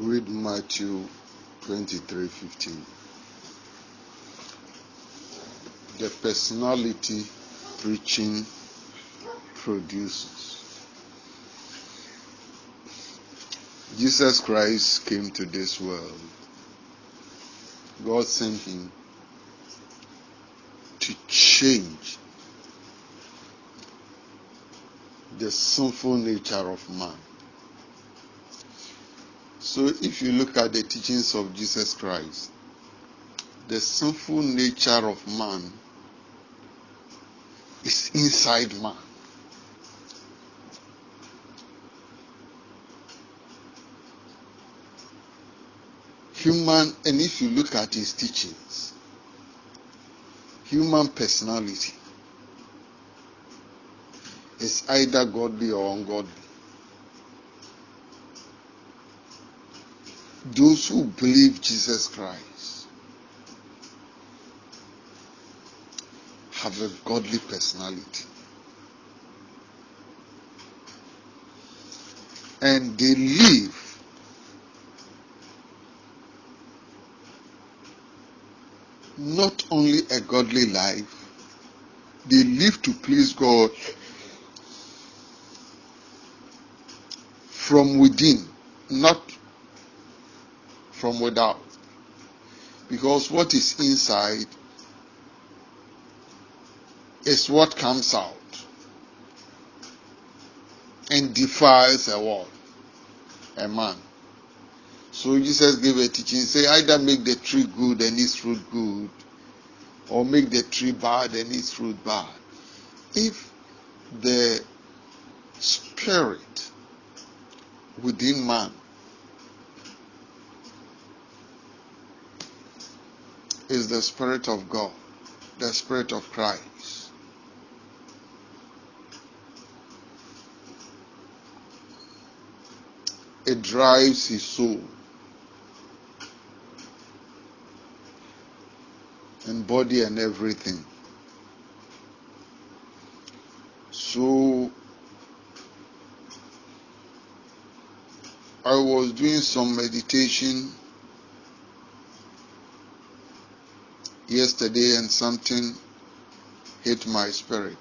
Read Matthew 23:15. The personality preaching produces. Jesus Christ came to this world. God sent him to change the sinful nature of man. So, if you look at the teachings of Jesus Christ, the sinful nature of man is inside man. Human, and if you look at his teachings, human personality is either godly or ungodly. those who believe Jesus Christ have a godly personality. And they live not only a godly life, they live to please God from within, not from without. Because what is inside is what comes out and defiles a wall, a man. So Jesus gave a teaching, say either make the tree good and its fruit good, or make the tree bad and its fruit bad. If the spirit within man is the Spirit of God, the Spirit of Christ. It drives his soul and body and everything. So I was doing some meditation yesterday and something hit my spirit.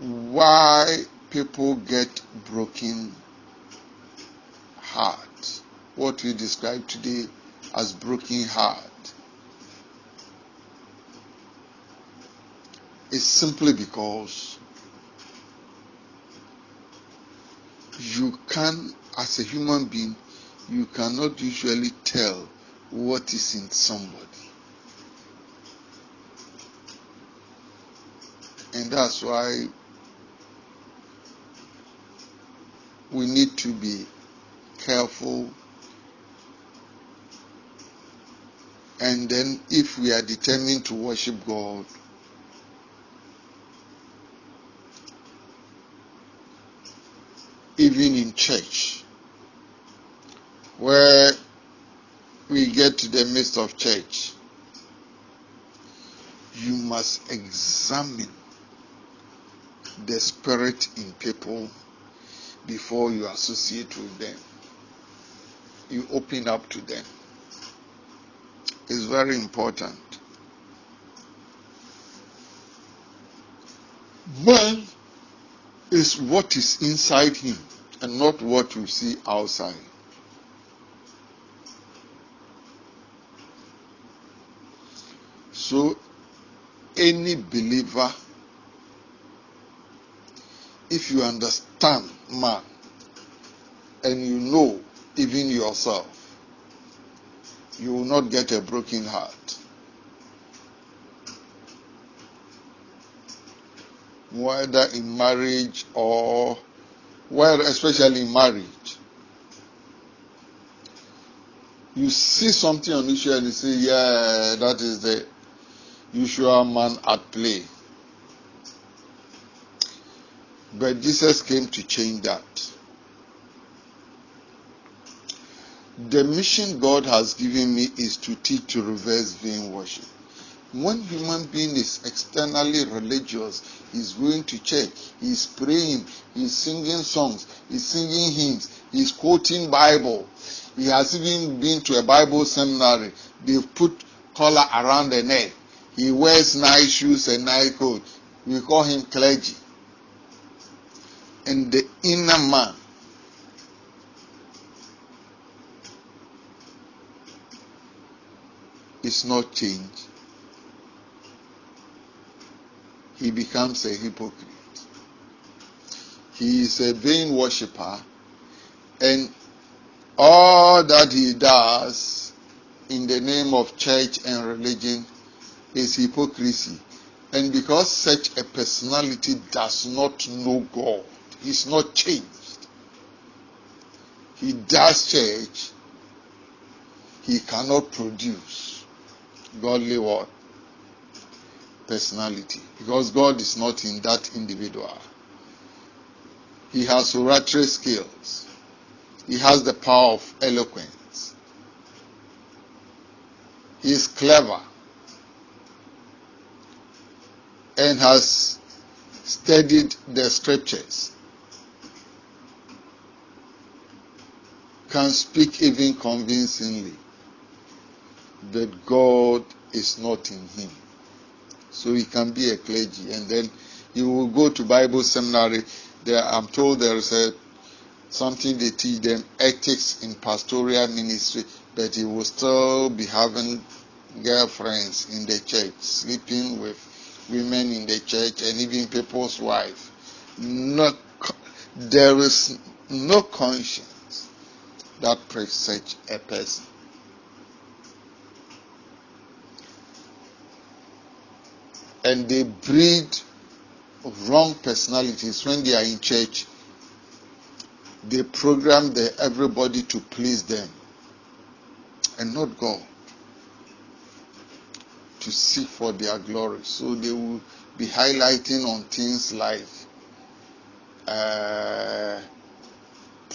Why people get broken heart. What we describe today as broken heart. is simply because you can, as a human being, you cannot usually tell what is in somebody. And that's why we need to be careful. And then, if we are determined to worship God, even in church, where we get to the midst of church, you must examine the spirit in people before you associate with them. You open up to them. It's very important. Man is what is inside him and not what you see outside. So, any believer if you understand man and you know even yourself, you will not get a broken heart. Whether in marriage or well, especially in marriage, you see something unusual and you say, Yeah, that is the usual man at play. But Jesus came to change that. The mission God has given me is to teach to reverse vain worship. When human being is externally religious, he's going to church, he's praying, he's singing songs, he's singing hymns, he's quoting Bible. He has even been to a Bible seminary. They've put collar around the neck. He wears nice shoes and nice coat. We call him clergy and the inner man. is not changed, he becomes a hypocrite. He is a vain worshipper, and all that he does in the name of church and religion is hypocrisy. And because such a personality does not know God, He's not changed. He does church. He cannot produce godly what? Personality. Because God is not in that individual. He has oratory skills. He has the power of eloquence. He is clever and has studied the scriptures. can speak even convincingly that God is not in him. So he can be a clergy. And then he will go to Bible seminary. There, I'm told there is a, something they teach them ethics in pastoral ministry, but he will still be having girlfriends in the church, sleeping with women in the church, and even people's wives. Not, there is no conscience that presage such a person. And they breed wrong personalities when they are in church. They program the, everybody to please them and not God to seek for their glory. So they will be highlighting on things like uh,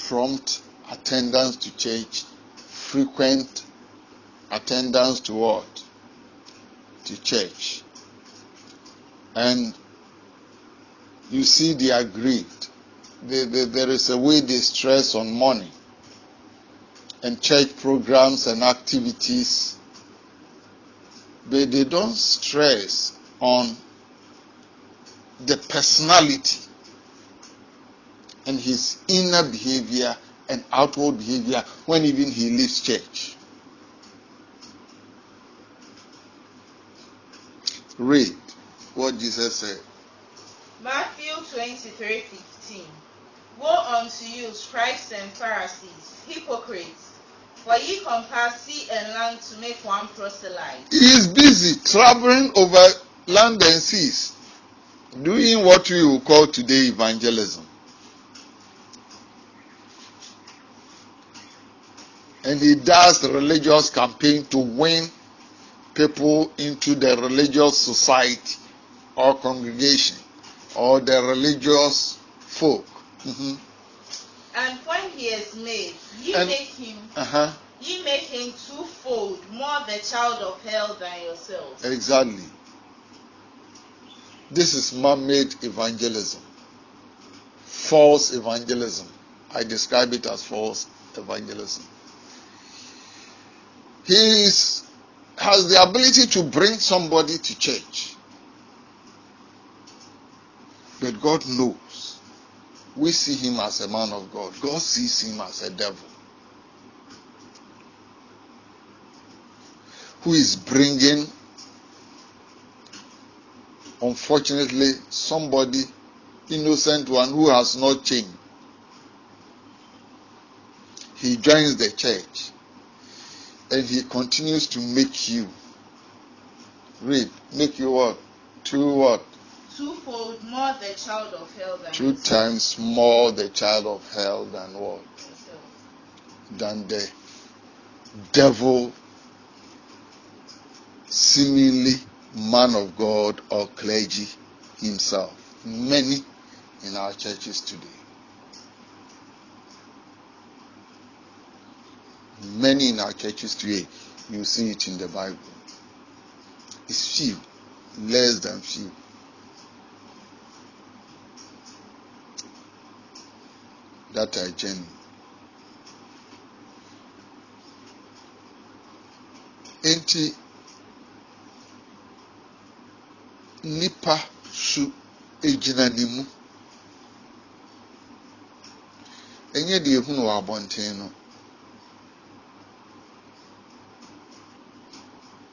prompt attendance to church, frequent attendance to what? To church. And you see they are greed. They, they, there is a way they stress on money and church programs and activities. but they don't stress on the personality and his inner behavior and outward behavior when even he leaves church. Read what Jesus said. Matthew 23 15. Woe unto you, scribes and Pharisees, hypocrites! For ye compass sea and land to make one proselyte. He is busy traveling over land and seas, doing what we will call today evangelism. and he does religious campaign to win people into the religious society or congregation or the religious folk. Mm-hmm. And when he is made, you and, make him. Uh-huh. You make him twofold, more the child of hell than yourself. Exactly. This is man-made evangelism, false evangelism. I describe it as false evangelism. He is, has the ability to bring somebody to church. But God knows. We see him as a man of God. God sees him as a devil who is bringing, unfortunately, somebody, innocent one, who has not changed. He joins the church if he continues to make you read, make you what? Two what? Twofold more the child of hell than two himself. times more the child of hell than what? Than the devil seemingly man of God or clergy himself. Many in our churches today. many in our churches today. You see it in the Bible. It's few, less than few. That I gen. Enti nipa su egyina ne mu. Enye deɛ ehu wɔ abɔnten no.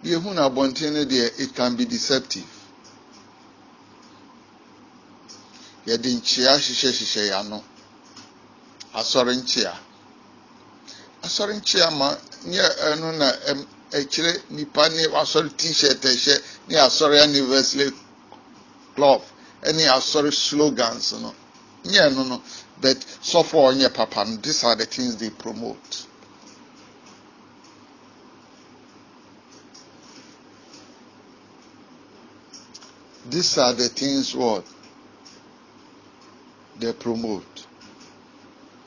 yɛhu no abɔnten no deɛ it can be deceptive yɛde nkyea hyehyɛhyehyɛ yɛ ano asɔre nkyea asɔre nkyea ma nyɛ ɛno na ɛkyerɛ nipa ne asɔre t-shirt ɛhyɛ ne asɔre anniversary cloth ɛne asɔre slogans no nyɛ ɛno no but sɔfo a ɔnyɛ papa no these are the things they promote. These are the things what they promote.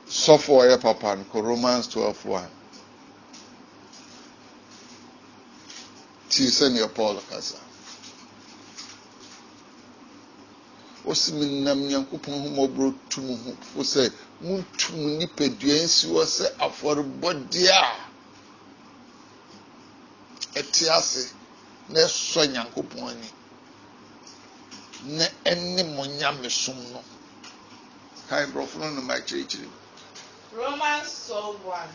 Suffer so papa Romans 12 1. Ti sẹ́ni Paul kasa. Osi mi nam nyankopɔn ho mɔboro tum ho fo sɛ muntum nipadua nsi hɔ sɛ afɔrebɔdeɛ a ɛte ase na ɛsɔ nyankopɔn ani na ɛne mo nyame som no kae borɔfo no nom akyerɛkyerɛ romans 12:1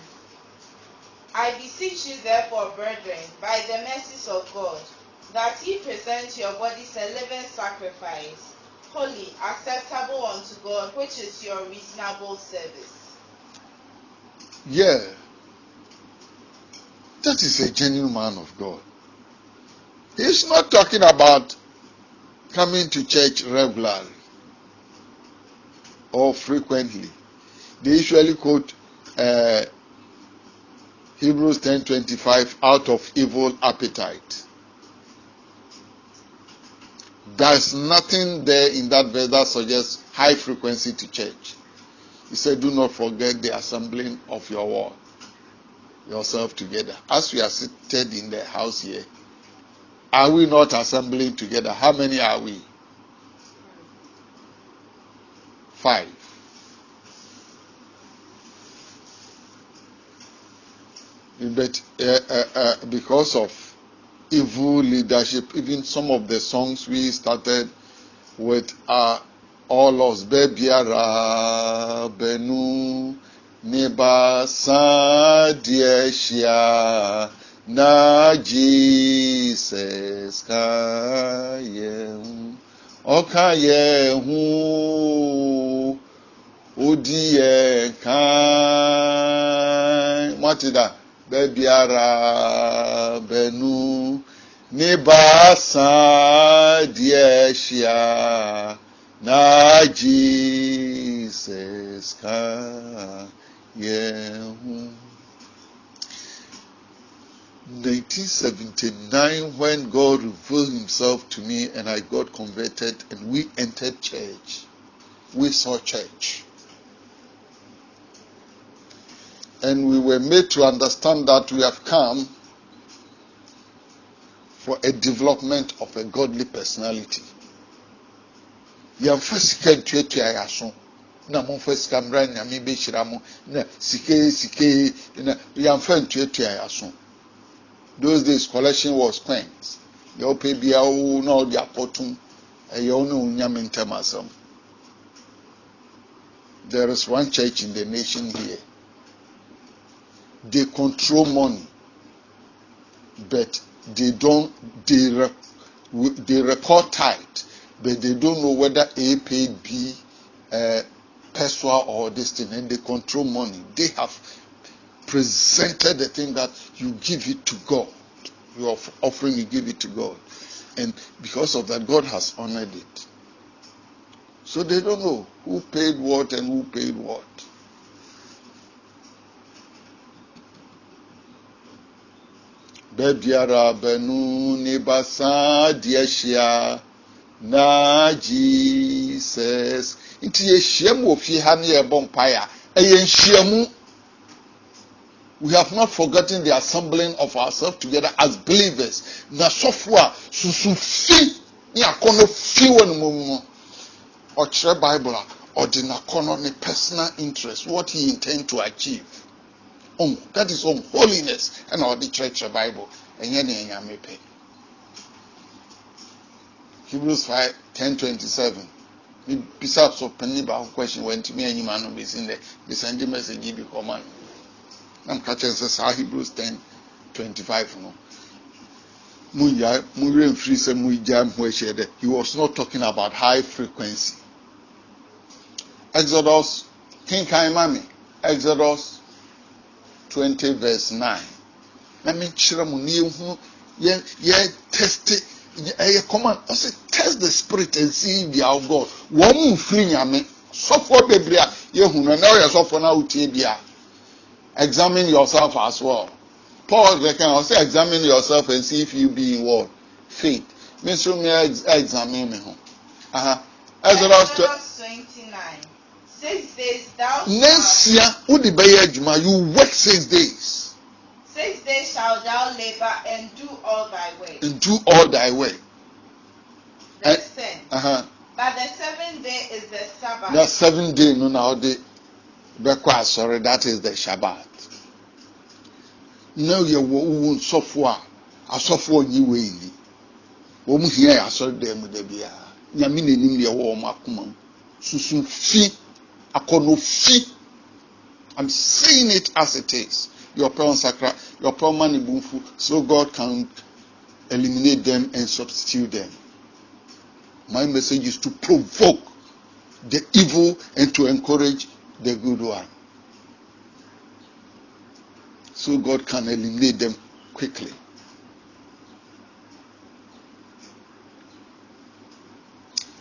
I beseech you therefore, brethren, by the mercies of God, that ye present your bodies a living sacrifice, holy, acceptable unto God, which is your reasonable service. Yeah. That is a genuine man of God. He's not talking about coming to church regularly or frequently. They usually quote uh, Hebrews 10:25 out of evil appetite. There's nothing there in that verse that suggests high frequency to church. He said, Do not forget the assembling of your word, yourself together. As we are seated in the house here, are we not assembling together? How many are we? Five. But uh, uh, uh, because of evil leadership, even some of the songs we started with are all us. Bebiara, Benu, Neba, Sadiashia. na Jesus ka yẹn ọka yẹn ho odi yẹn kan wọn ti da bẹẹbi ara bẹnu níbà sàn díẹ̀ ṣíà na Jesus ka yẹn ho. 1979 when God revealed himself to me and I got converted and we entered church. We saw church. And we were made to understand that we have come for a development of a godly personality. Yɛmfa sika ntuatua na momfa sika nyame mo na sike sike na yɛmfa ntuatua yɛ those days collection was coins deɛ wopɛ bia wo na ɔde akɔtom ɛyɛ wo ne wo nyame ntam asɛm there is one church in the nation here they control money but they don't they rec they record tight, but they don't know whether a paid b uh, personal or this thing and they control money they have presented the thing that you give it to God. Your offering, you give it to God. And because of that, God has honored it. So they don't know who paid what and who paid what. Bɛbiara bɛnu ne basa e na Jesus. Nti yɛhyia mu wɔ fie ha ne yɛbɔ mpaeɛ a ɛyɛ we have not forgotten the assembling of ourselves together as believers na sɔfo a susu fi ne akɔnɔ fi wɔ ne mu mu ɔkyerɛ bible a ɔde n'akɔnɔ ne personal interest what he intend to achieve um that is um holiness ɛna ɔde kyerɛkyerɛ bible ɛnyɛ ne ɛnyame pɛ hebrews five ten twenty seven bisa sɔ panyin baako question wɛntumi ɛnyim ano besi ndɛ bisa ndi message bi kɔ ma no na mka kyerɛ sɛ saa hebrews ten twenty five no mu ya mu ren firi sɛ mu gya mu ahyia dɛ he was not talking about high frequency exodus kinkan ma mi exodus twenty verse nine na mi kyerɛ mu ni ehunu yɛ yɛ testi ɛyɛ command ɔsi test the spirit and see if they are of god wɔn mu nfiri nyame sɔfo bebree a yɛ hunu na ɔyɛ sɔfo na ɔtie bia examine yourself as well. Paul can also examine yourself and see if you be in what? Faith. Me so me examine me Uh huh. Uh-huh. Exodus nine Six days thou Next year, who the Juma, you work six days. Six days shalt thou labour and do all thy work. And do all thy work. Verse eh, Uh-huh. But the seventh day is the Sabbath. The seventh day, no, now the bɛkɔ asɔre that is the shabbat na yɛ wɔ wo nsɔfo a asɔfo yi wɔ yi wɔn hia asɔre dan mu dabi a nyame n'anim yɛ wɔ wɔn akoma susu fi akɔnɔ fi i'm seeing it as it is your prayer sakra your prayer man ibunfu so god can eliminate them and substitute them my message is to provoke the evil and to encourage the good one. So God can eliminate them quickly.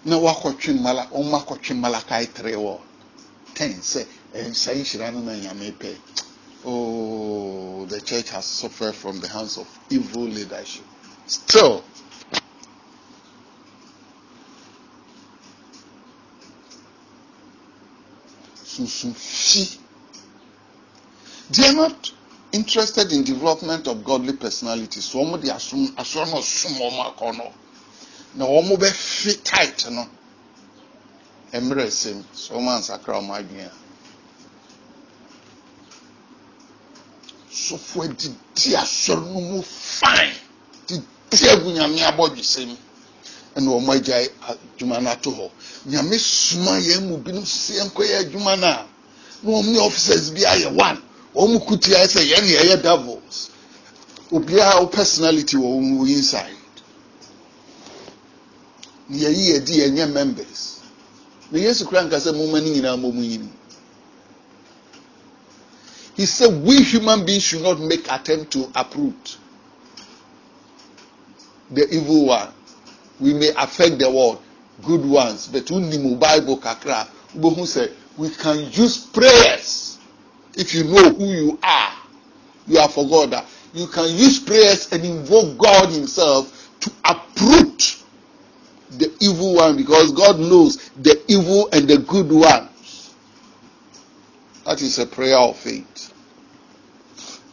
na wakɔtwe mmala wɔn akɔtwe mmalakai tiri wɔ ten sɛ nsa nhyira no na nyame pɛ oh the church has suffered from the hands of evil leadership still sunsun fi. They are not interested in development of godly personalities. Wọ́n mu de aso na sum wɔn akɔ no. Na wɔn bɛ fi tight no. Mmerɛ sɛm so wɔn ansakra wɔn adwene a. Sɔfo adidi asɔre no mu fine. Didi agu nyame abɔdwesɛm ɛna wɔn agya adwuma no ato hɔ nyame soma yɛn mu binom sɛ yɛn kɔ yɛ adwuma no a na wɔn ne officers bi ayɛ one wɔn mu kutu ayɛ sɛ yɛn na yɛyɛ devils obiara wo personality wɔ wɔn wɔ inside na yɛyi yɛ di yɛn nyɛ members na yesu kura nkasa mo ma ne nyinaa mo mu yim he said we human beings should not make attempt to uproot the evil one we may affect the world good ones but unimu bible kakra gbohun say we can use prayers if you know who you are you are for god that you can use prayers and invoke god himself to uproot the evil one because god knows the evil and the good one that is a prayer of faith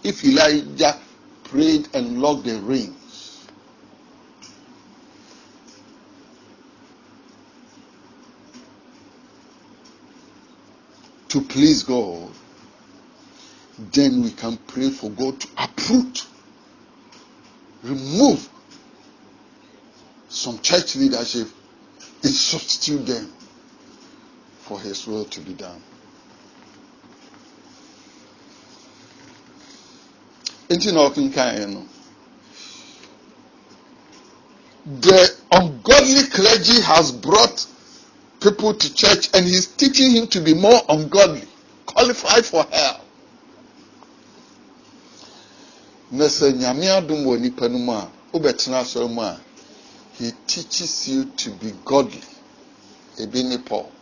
if elijah prayed and locked the rain to please God, then we can pray for God to uproot, remove some church leadership and substitute them for His will to be done. Nti na ɔkenkan yɛ no, the ungodly clergy has brought people to church and he's teaching him to be more ungodly, qualified for hell. na sɛ nyame adom wɔ nipa no mu a wobɛtena asɔre mu a he teaches you to be godly ebi ne paul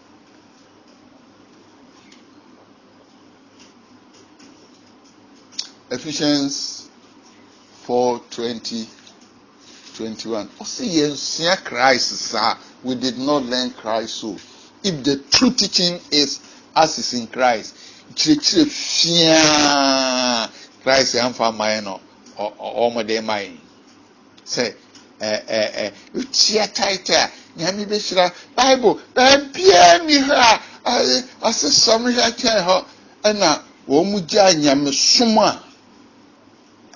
ephesians 4 20 21 ɔsɛ yɛnsua christ saa we did not learn Christ so. If the true teaching is as is in Christ, kyerɛkyerɛ fiaa Christ yɛmfa mman no ɔmɔde ma yi sɛ ɛɛ ɛtia taita a nyame bɛhyira Bible baabiara ni hɔ a asesam hwɛ kyɛn hɔ ɛna e wɔn mu gya nyamesom a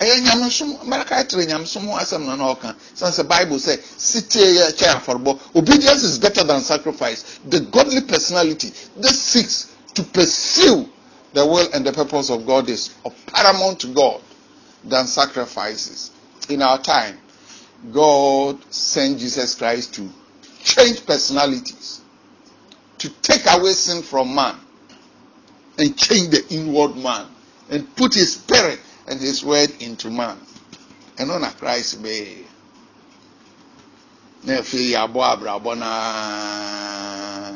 ɛyɛ nyamesom mmaraka kyerɛ nyamesom ho asɛm na na ɔka san sɛ bible sɛ sitie yɛ kyɛ afɔrebɔ obedience is better than sacrifice the godly personality that seeks to pursue the will and the purpose of god is of paramount to god than sacrifices in our time god sent jesus christ to change personalities to take away sin from man and change the inward man and put his spirit and his word into man ɛno na christ bɛyɛ na afei yɛabɔ abrabɔ naa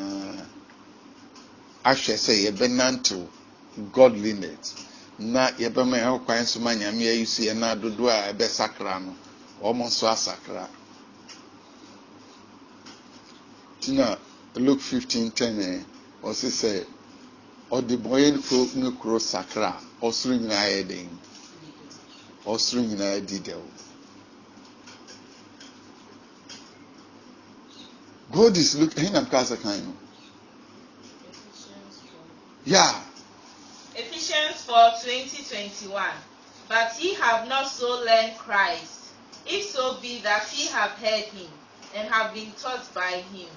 ahwɛ sɛ yɛbɛnantew godliness na yɛbɛma yɛn kwan nso ma nyame ayi so yɛn na dodoɔ a sakra no wɔn nso asakra ti na luke fifteen ten ɛ ɔsi sɛ ɔde bɔyɛ ne kuro sakra ɔsoro nyinaa yɛ den. ɔsoro nyinaa di dɛw god is look ɛhin na mka asa kan no ya. Ephesians for 2021, But ye have not so learned Christ, if so be that ye have heard him and have been taught by him,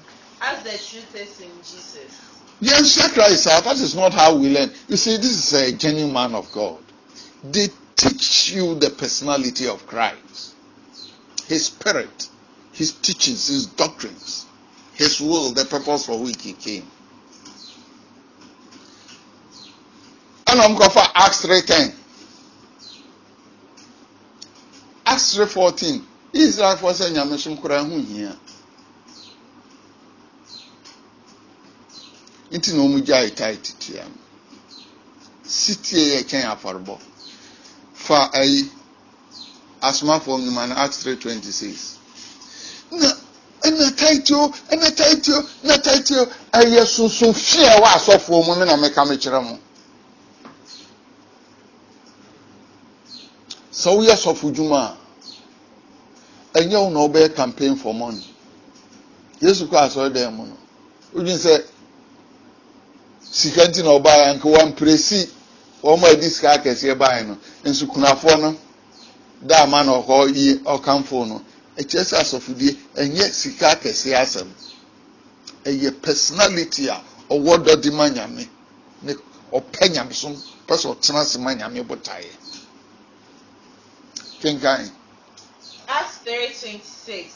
as the truth is in Jesus. Yes, Christ, that is not how we learn. You see, this is a genuine man of God. The teach you the personality of Christ, His Spirit, His teachings, His doctrines, His will, the purpose for which He came. And I'm going for Acts 3.10. Acts 3.14. Israel for saying, I'm going here. nti na wɔn gya etae tete ano sitie yɛ kyɛn afɔrebɔ fa ayi asomafoɔ nnwuma no act 26 na ɛna taitio ɛna taitio na taitio ɛyɛ sunsun fi a asɔfoɔ mu na meka me kyerɛ mo sɛ woyɛ sɔfo dwuma a ɛnyɛ wo na wobɛyɛ campaign for money yesu kɔ asɔre dan mu no wodwin sɛ sika nti na ɔbaa anka wampiresi wọ́n a ɛdi sika akɛseɛ baeɛ no nsukunafoɔ no dààmà nà na ɔkɔ yi ɔkanfo no sika akɛseɛ asɛm ɛyɛ personality a ɔwɔ dɔde ma nyame ne ɔpɛ nyame so pɛ sɛ ɔtena ase ma nyame botaeɛ kenkan. Acts three twenty six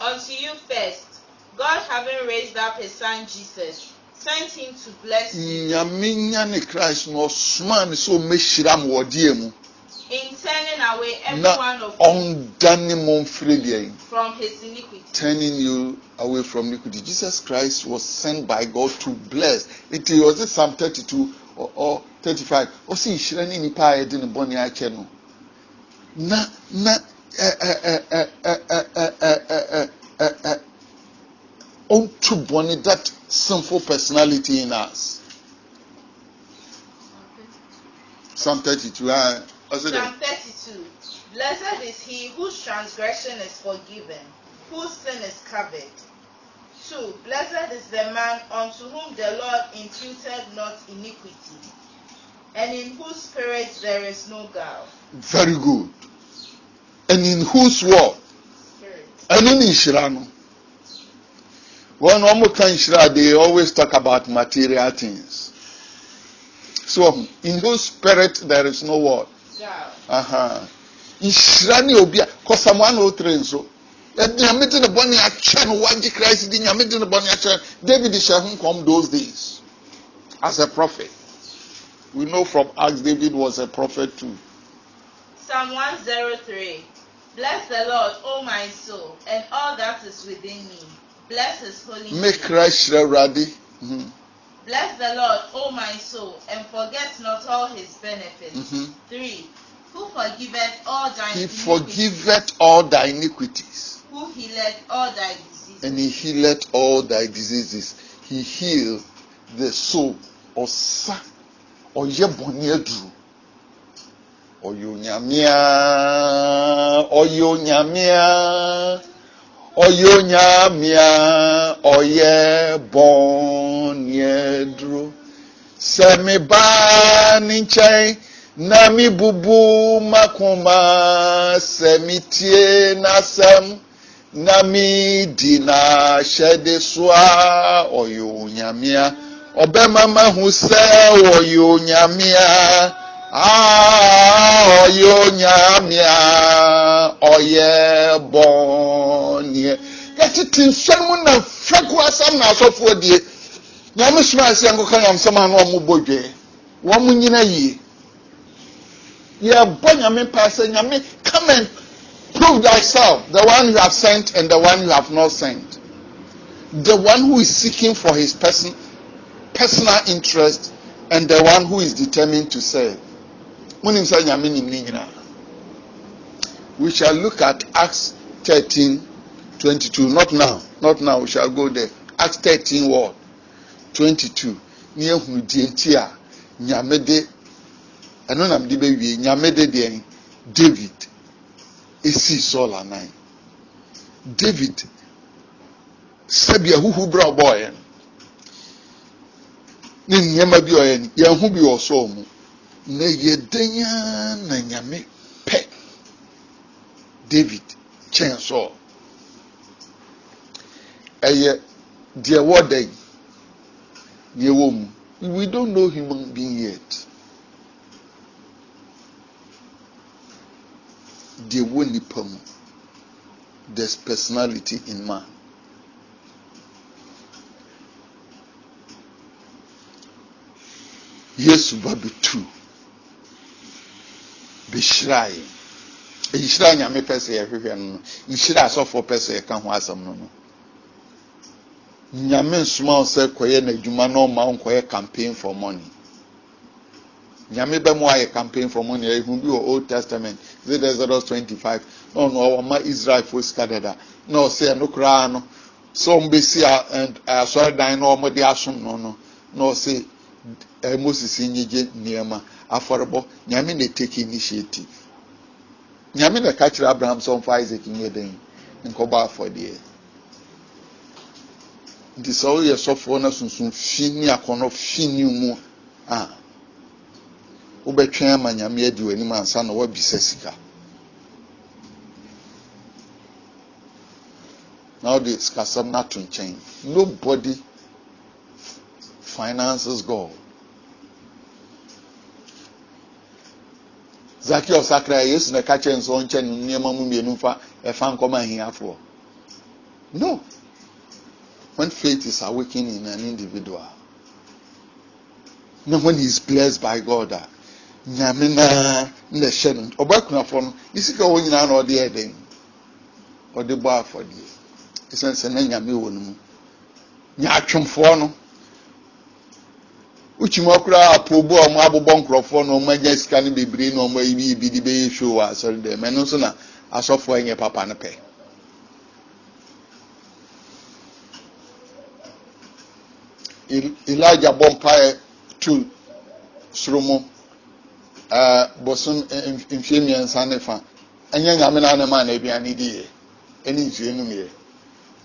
unto you first God having raised up his son Jesus sent him to bless you. Nyame Christ na ɔsoma ne sɛ ɔmɛhyira mo wɔ mu. In turning away every one of you. Na ɔndane mo mfiri deɛ. From his iniquity. Turning you away from iniquity. Jesus Christ was sent by God to bless. It was it Psalm thirty-two or, thirty-five. Ɔsi ìṣirẹ́ ní nípa ayé dín ní bọ́ ní akyẹ́ no. Na na ẹ ẹ ẹ ẹ ẹ ẹ ẹ ẹ ẹ ẹ. unto Bonnie that sinful personality in us. Psalm 32. Ah, Psalm 32. Blessed is he whose transgression is forgiven, whose sin is covered. 2. Blessed is the man unto whom the Lord imputed not iniquity, and in whose spirit there is no guile. Very good. And in whose what? Spirit. And in Israel. wɔn a wɔn ka they always talk about material things so in whose spirit there is no word uh-huh. nhyira ne obi a kɔsamoa na otire nso ɛdi nyame de ne bɔne akyɛ no wagye christ di nyame de ne bɔne akyɛ david hyɛ ho nkɔm those days as a prophet we know from acts david was a prophet too. psalm one zero oh three bless the lord o my soul and all that is within me. Bless his holy name. Make Christ ready. Mm-hmm. Bless the Lord, O my soul, and forget not all his benefits. Mm-hmm. Three, who forgiveth all thy iniquities? He iniquities. forgiveth all thy iniquities. Who healeth all thy diseases. And he healeth all thy diseases. He healed the soul. Ọ̀sá ọ̀yẹ́ bọ̀nì ẹ̀dùrù. Ọ̀yẹ́ ònyàmíà. Ọ̀yẹ́ ònyàmíà. ɔyonyamia ɔyɛ bɔnyɛ duro sɛ meba ne nkyɛn na mi bubu makoma tie na n'asɛm na mi di n'ahyɛde so a ɔyonyamia ɔbɛma mahu sɛ ɔyonyamia. oye onyamia ɔyɛ bɔnneɛ yɛtete nsɛm mu na fɛko asɛm na asɔfoɔ die nyame soma aseɛ nkɔka nyamsɛm a na ɔmo bɔ dwee wɔn mo nyina yie yɛbɔ nyame paa sɛ nyame come and prove thyself the one you have sent and the one you have not sent the one who is seeking for his person personal interest and the one who is determined to serve monim sɛ nyame nim ne nyinaa we shall look at acts 13 22 not now not now we shall go there acts 13 word 22 ne ehunu die nti a nyame de ɛno nam de bɛwie nyame de deɛ david esi saul anan david sɛbi ahuhu bere a ɔbɔɔ yɛn ne nneɛma bi ɔyɛ no yɛn ho bi wɔ saul mu na yɛdanya na nyame pɛ david kyɛn saul ɛyɛ deɛ wɔda yi yɛwɔ mu we don't know human being yet deɛ wɔ nipa mu there's personality in man yesu ba betu bɛhyira yɛ nhyira nyame pɛ sɛ yɛhwehwɛ no no nhyira asɔfoɔ pɛ sɛ yɛka ho asɛm no no nyame nsoma wo sɛ kɔyɛ n'adwuma na ɔma wo nkɔyɛ campaign for money nyame bɛ mu ayɛ campaign for money ɛhu bi wɔ old testament ze exodus twenty five na ɔno ɔma israel sika dada na ɔsɛ ɛno koraa no sɛ ɔmo besi asɔredan na ɔmo de asom no no na ɔsɛ ɛmo sisi nyegye nneɛma afɔrebɔ nyame na take initiative nyame na ɛka kyerɛ abraham sɛ ɔmfa isaac nyɛ den nkɔbɔ afɔdeɛ nti sɛ woyɛ sɔfoɔ na sunsun fi ne akɔnɔ fi ne mu a wobɛtwɛn ama nyame adi w'anim ansa na wabisa sika na wode sikasɛm no ato nkyɛn nobody finances god zakios akra yesu na ɛka kyerɛ nso ɔnkyɛ no nneɛma mu mmienu e fa ɛfa nkɔma ahiafoɔ no when faith is awakened in an individual na when he is blessed by god a nyame naa na ɛhyɛ no ɔbɛkunafoɔ no isika wɔn nyinaa na ɔde ɛdɛn ɔde bɔ afɔdeɛ esan sɛ na nyame wɔ ne mu nyaatwomfoɔ no. wokyimɔkora apobo a ọmụ abobɔ nkurɔfoɔ na ọmụ anya sika bebiri na ọmụ ayi bi de bɛyɛ show wɔ asɔre dɛm nso na asɔfoɔ nyɛ papa no pɛ elija bɔ mpaeɛ tu soro mu ɛɛ e, bosom e, mfie mmiɛnsa ne fa ɛnyɛ nyame na ebi anyị dị aduane di yɛ ɛne nsuo nom yɛ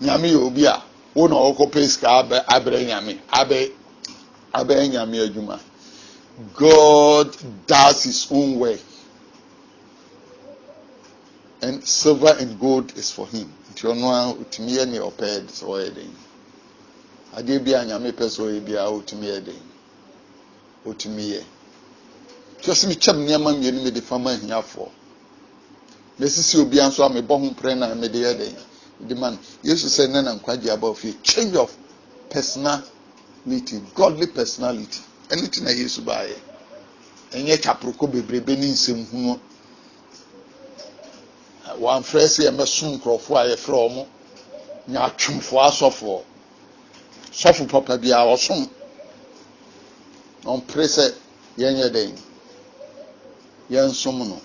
nyame ya obi a wo na ɔkɔpɛ sika abɛ nyame abɛ abɛyɛ nyame adwuma god does his own way and silver and gold is for him nti ɔno a otumi yɛ nea ɔpɛ sɛ ɔyɛ den adeɛ bi a nyame pɛ sɛ ɔyɛ bi a otumi yɛ den otumi yɛ twɛsɛ mi kyɛm nneɛma mmienu mi de fama ahiafoɔ mesisi obi nso a mebɔ ho pere na mede yɛ den de ma no yesu sɛ ne na nkwagye aba ofie change of personal personality godly personality ɛne ti na yesu baayɛ ɛnyɛ kyaporoko bebrebe ne nsɛmhunu wɔamfrɛ sɛ yɛmɛso nkurɔfoɔ a yɛfrɛ ɔmo nyatwomfoɔ asɔfoɔ sɔfo papa bi a ɔsom ɔmpere sɛ yɛnyɛ dɛn yɛnsom no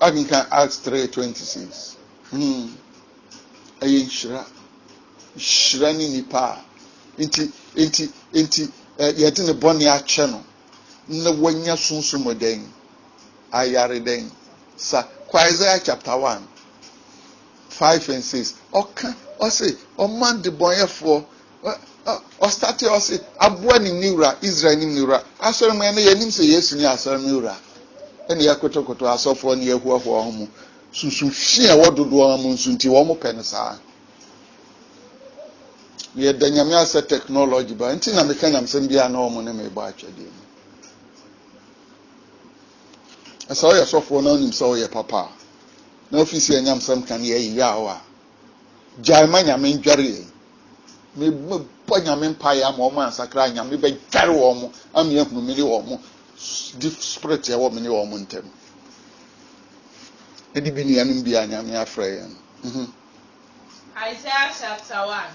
akenka acts three twenty six. Hmm. ɛyɛ nhyira nhyira ne nipa a nti nti nti ɛ yɛde ne bɔne akyɛ no na wɔnya sunsun den ayare den sa kɔ isaiah chapter one five and six ɔka ɔsi ɔman de bɔnyɛfoɔ ɔstate ɔsi aboa ne niwura israel ne niwura asɔrɔ mu yɛn no yɛn nim sɛ yesu ne asɔrɔ mu niwura ɛna yɛ kotokoto asɔfoɔ ne yɛ huahuo ɔmo. susuhwi a ɛwɔ dodoɔ mu nso nti wɔn pɛ no saa yɛda nyame asɛ technology ba nti na meka nyamsɛm bi a na wɔn ne mebɔ atwɛdeɛ mu ɛsɛ woyɛ sɔfoɔ na wonim sɛ woyɛ papa na ofisi a nyamsɛm ka no yɛyi yɛ a wo a gyae ma nyame ndware yɛn mebɔ nyame mpaeɛ ama wɔn ansakra nyame bɛdware wɔn ama yɛhunu me ne wɔn di spirit ɛwɔ me ne wɔn ntam ɛde bi nuanom bi a nyame afrɛ yɛn mhm. Isaiah chapter one,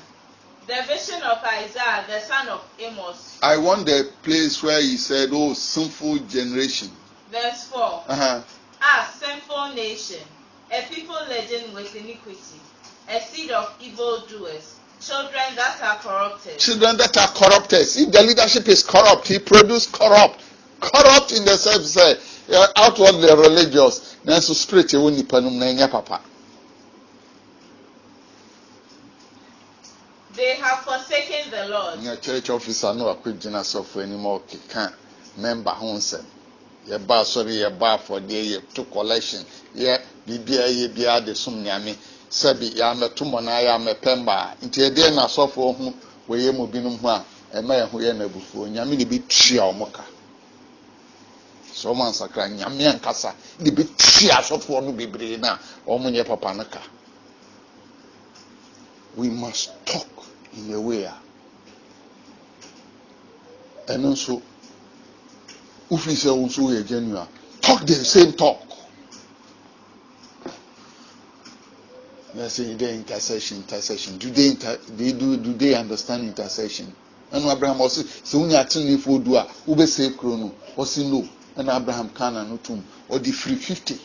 The vision of Isaiah, the son of Amos. I want the place where he said, Oh, sinful generation. Verse 4. Uh-huh. A ah, sinful nation, a people laden with iniquity, a seed of evildoers, children that are corrupted. Children that are corrupted. If the leadership is corrupt, he produces corrupt. Corrupt in the sense, outwardly religious nanso spirit ɛwɔ nipa no mu na ɛnyɛ papa. They have forsaken the Lord. Nyɛ church officer no akɔ gyina asɔfo anim ɔkeka member ho nsɛm. Yɛba asɔre yɛba afɔdeɛ yɛto collection yɛ biribiara yɛ biara de som nyame sɛbi yɛamɛto mɔ na yɛamɛpɛ mbaa nti ɛdeɛ na asɔfo ho wɔyɛ mu binom ho a ɛma yɛn ho yɛ na abufuo nyame na ebi tua wɔn ka. sɛ ansakra nyame ankasa de bi ti asɔfoɔ no bebree na ɔmo nyɛ papa no ka we must talk in a way a ɛno nso wofiri sɛ wo nso woyɛ genuine talk the same talk let's say they intercession intercession do they inter they do do they understand intercession ɛnu abraham ɔsi sɛ wunyɛ ati ne fo do a wobɛ sɛ kuro no ɔsi no. na abraham kana no tom ɔde firi 50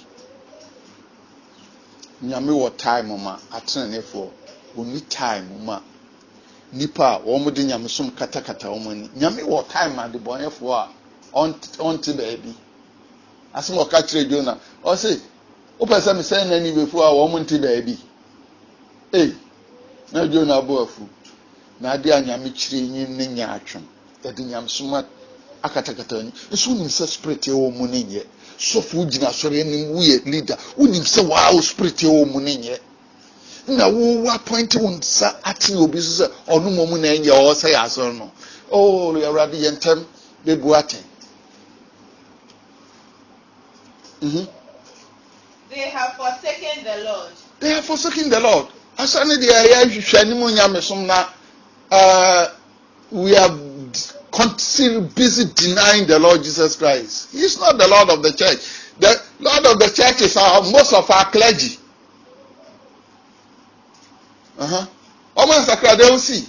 nyame wɔ time ma atenanefoɔ ɔni time ma nipa a wɔn de nyamesom katakata wɔn ani nyame wɔ time ma adebɔnyɛfoɔ a ɔnte baabi asem ɔka kyerɛ jona ɔse wopɛ sɛ mesɛn na nibefoɔ a wɔn nte baabi e na jona abɔ afu na adeɛ a nyame kyerɛ yi ne nyaatwom yɛde nyamesom a. akatakata ni nso wonim sɛ spirit ɛwɔ mu no nyɛ sɔfo gyina asɔre anim woyɛ leader wonim sɛ waa spirit ɛwɔ mu no nyɛ na wo wapɔnte wo nsa atene obi so sɛ ɔno mɔ na ɛnyɛ ɔwɔ sɛ yɛ asɔre no oo oh, awurade yɛ ntɛm bɛbu atɛn mhm. They have forsaken the Lord. They have forsaken the Lord. Asane deɛ ɛyɛ ahwehwɛ anim nyamesom na uh, we have continue busy denying the Lord Jesus Christ. He's not the Lord of the church. The Lord of the church is our, most of our clergy. Uh-huh. Almost like they will see.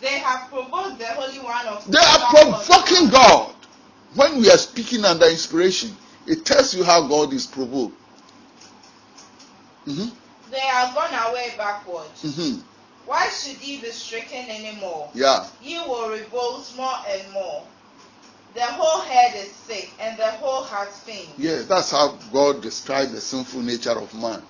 They have provoked the Holy One of They are provoking God. When we are speaking under inspiration, it tells you how God is provoked. Mm-hmm. They have gone away backwards. Mm-hmm. Why should ye be stricken anymore? Yeah. Ye will revolt more and more. The whole head is sick and the whole heart faint. Yes, that's how God described the sinful nature of man.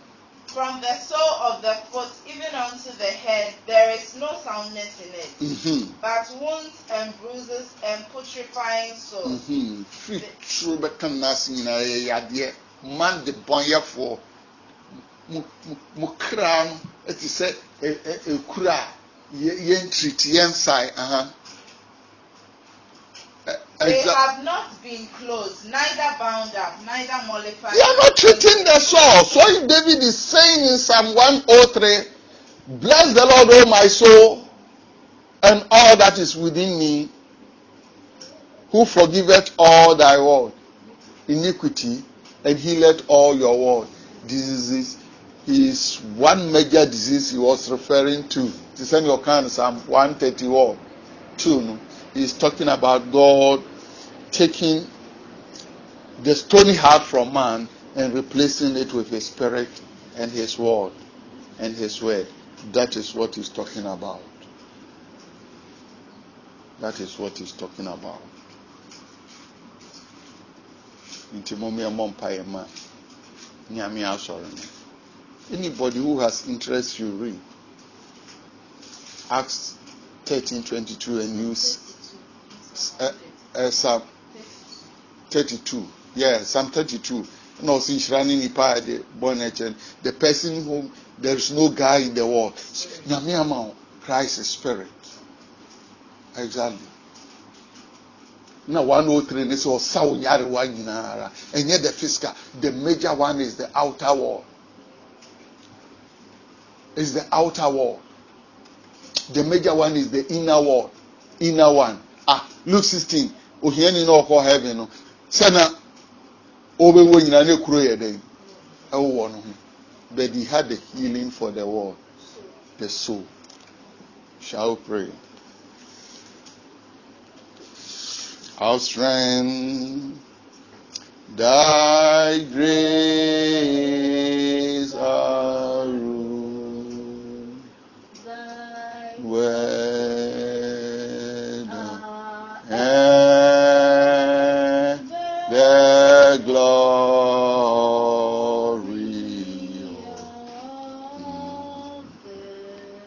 From the sole of the foot even unto the head, there is no soundness in it, mm-hmm. but wounds and bruises and putrefying sores. Mm-hmm. man de bɔnyɛfoɔ no sɛ ekura e, e, yɛn treat yɛn sae aha. E, They have not been closed, neither bound up, neither mollified. They are not treating the soul. So David is saying in Psalm one oh three, Bless the Lord, O my soul, and all that is within me, who forgiveth all thy word, iniquity, and healeth all your word, diseases, is one major disease he was referring to ti sẹ́ni ọ̀kan psalm one thirty one two no he is talking about God taking the stony heart from man and replacing it with his spirit and his word and his word that is what he's talking about that is what he's talking about nti mo mmea mọ mpa yẹn ma nyame asọrọ no. Anybody who has interest you read Acts thirteen twenty two and use eh, eh, Psalm thirty two yeah Psalm thirty two na ọsìn ìṣirà ní nípa ẹ̀dẹ̀ bọ́ọ̀nù ẹ̀kyẹ́ the person who there is no guy in the world nyàmé àmà ọ̀ Christ is spirit exactly na one oh three ní sọ ọ̀sá ònyàrá wa nyinara ẹ̀yẹ the physical the major one is the outer wall is the outer wall. The major one is the inner wall. Inner one. Ah, Luke 16. Ohiani na ọkọ heaven no. Sẹ́nà obìnrin wo nyina ne kuro yẹ dẹ́yìn. Ẹwọ wọ no ho. But he had the healing for the world, the soul. Shall we pray? Our strength, thy grace.